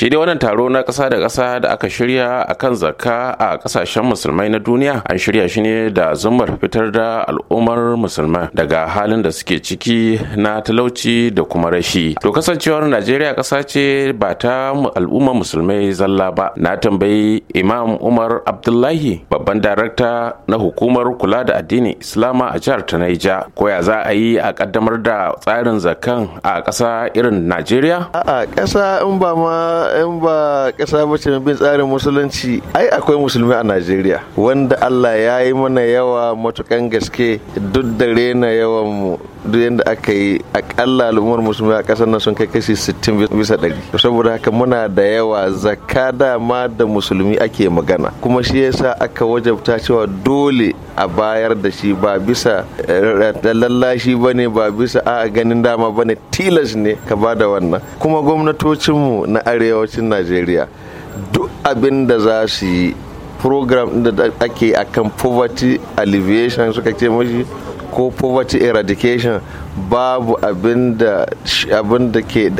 shi dai wannan taro na kasa da kasa da aka shirya a kan zakka a kasashen musulmai na duniya an shirya shi ne da zumar fitar da al'ummar musulmai, daga halin da suke ciki na talauci da kuma rashi to kasancewar najeriya ƙasa ce ba ta al'ummar musulmai zalla ba na tambayi imam umar abdullahi babban darakta na hukumar kula da addinin islama a jihar ta naija ko ya za a yi a ƙaddamar da tsarin zakkan a ƙasa irin najeriya a ƙasa in ba ma in ba ƙasa ba ce bin tsarin musulunci ai akwai musulmi a najeriya wanda allah ya yi mana yawa matukan gaske duk da rena yawan mu duk yadda aka yi akalla al'ummar musulmi a kasar nan sun kai kashi 60 bisa ɗari saboda haka muna da yawa zakka dama da musulmi ake magana kuma shi yasa aka wajabta cewa dole a bayar da shi ba bisa eh, lallashi ba ne ba bisa a ganin dama ba ne tilas ne ka ba da wannan kuma gwamnatocinmu na arewacin najeriya duk abin da za su yi program da ake akan poverty alleviation suka ce mashi ko poverty eradication babu abin da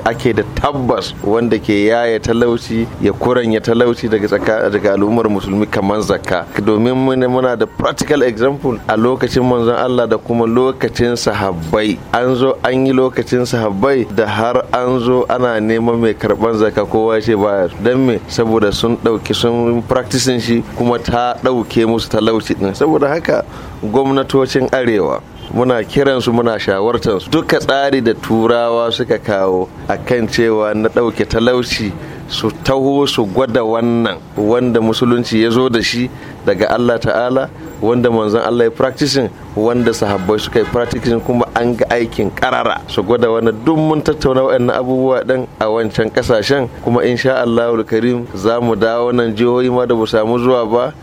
ake da tabbas wanda ke yaya talauci ya kuranya talauci daga al'ummar musulmi kamar zakka domin muna da practical example a lokacin manzon Allah da kuma lokacin sahabbai an zo an yi lokacin sahabbai da har an zo ana neman mai karban zakka kowa ce baya don me saboda sun dauki sun practicing shi kuma ta ɗauke musu talauci din saboda haka gwamnatocin arewa muna kiransu muna shawartansu duka tsari da turawa suka kawo a kan cewa na ɗauke talauci su taho su gwada wannan wanda musulunci ya zo da shi daga Allah ta'ala wanda manzon Allah ya practicing wanda sahabbai suka yi practicing kuma an ga aikin karara su gwada wannan duk mun tattauna waɗannan abubuwa dan a wancan kasashen. kuma insha Allahul Karim za mu dawo nan jihohi ma da mu samu zuwa ba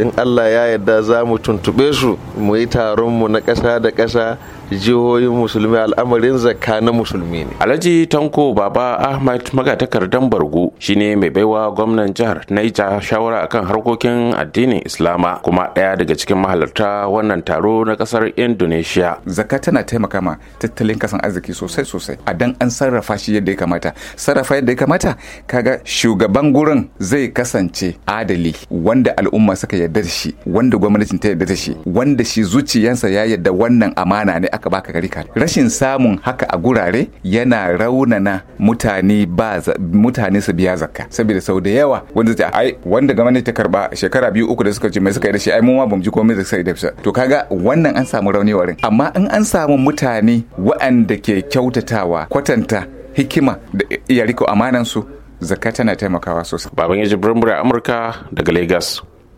in allah ya yarda za mu tuntube su mu yi taronmu na kasa da kasa, jihohin musulmi al'amarin zakka na musulmi ne alhaji tanko baba ahmad magatakardan bargu shine mai baiwa gwamnan jihar naija shawara akan harkokin addinin islama kuma ɗaya daga cikin mahalarta wannan taro na ƙasar indonesia Zaka tana taimaka ma tattalin kasan arziki sosai sosai a dan an sarrafa shi yadda ya kamata sarrafa yadda ya kamata kaga shugaban gurin zai kasance adali wanda al'umma suka yarda da shi wanda gwamnatin ta yarda da shi wanda shi zuciyansa ya yarda wannan amana ne aka baka gari ka rashin samun haka a gurare yana raunana mutane ba mutane su biya zakka saboda sau da yawa wanda ta ai wanda gwamnati ta karba shekara biyu uku da suka ce mai suka yi da shi ai mu ma bamu ji komai da sai da to kaga wannan an samu rauni warin amma in an samu mutane waɗanda ke kyautatawa kwatanta hikima da iya riko amanansu zakka tana taimakawa sosai baban yaji burbura amurka daga lagos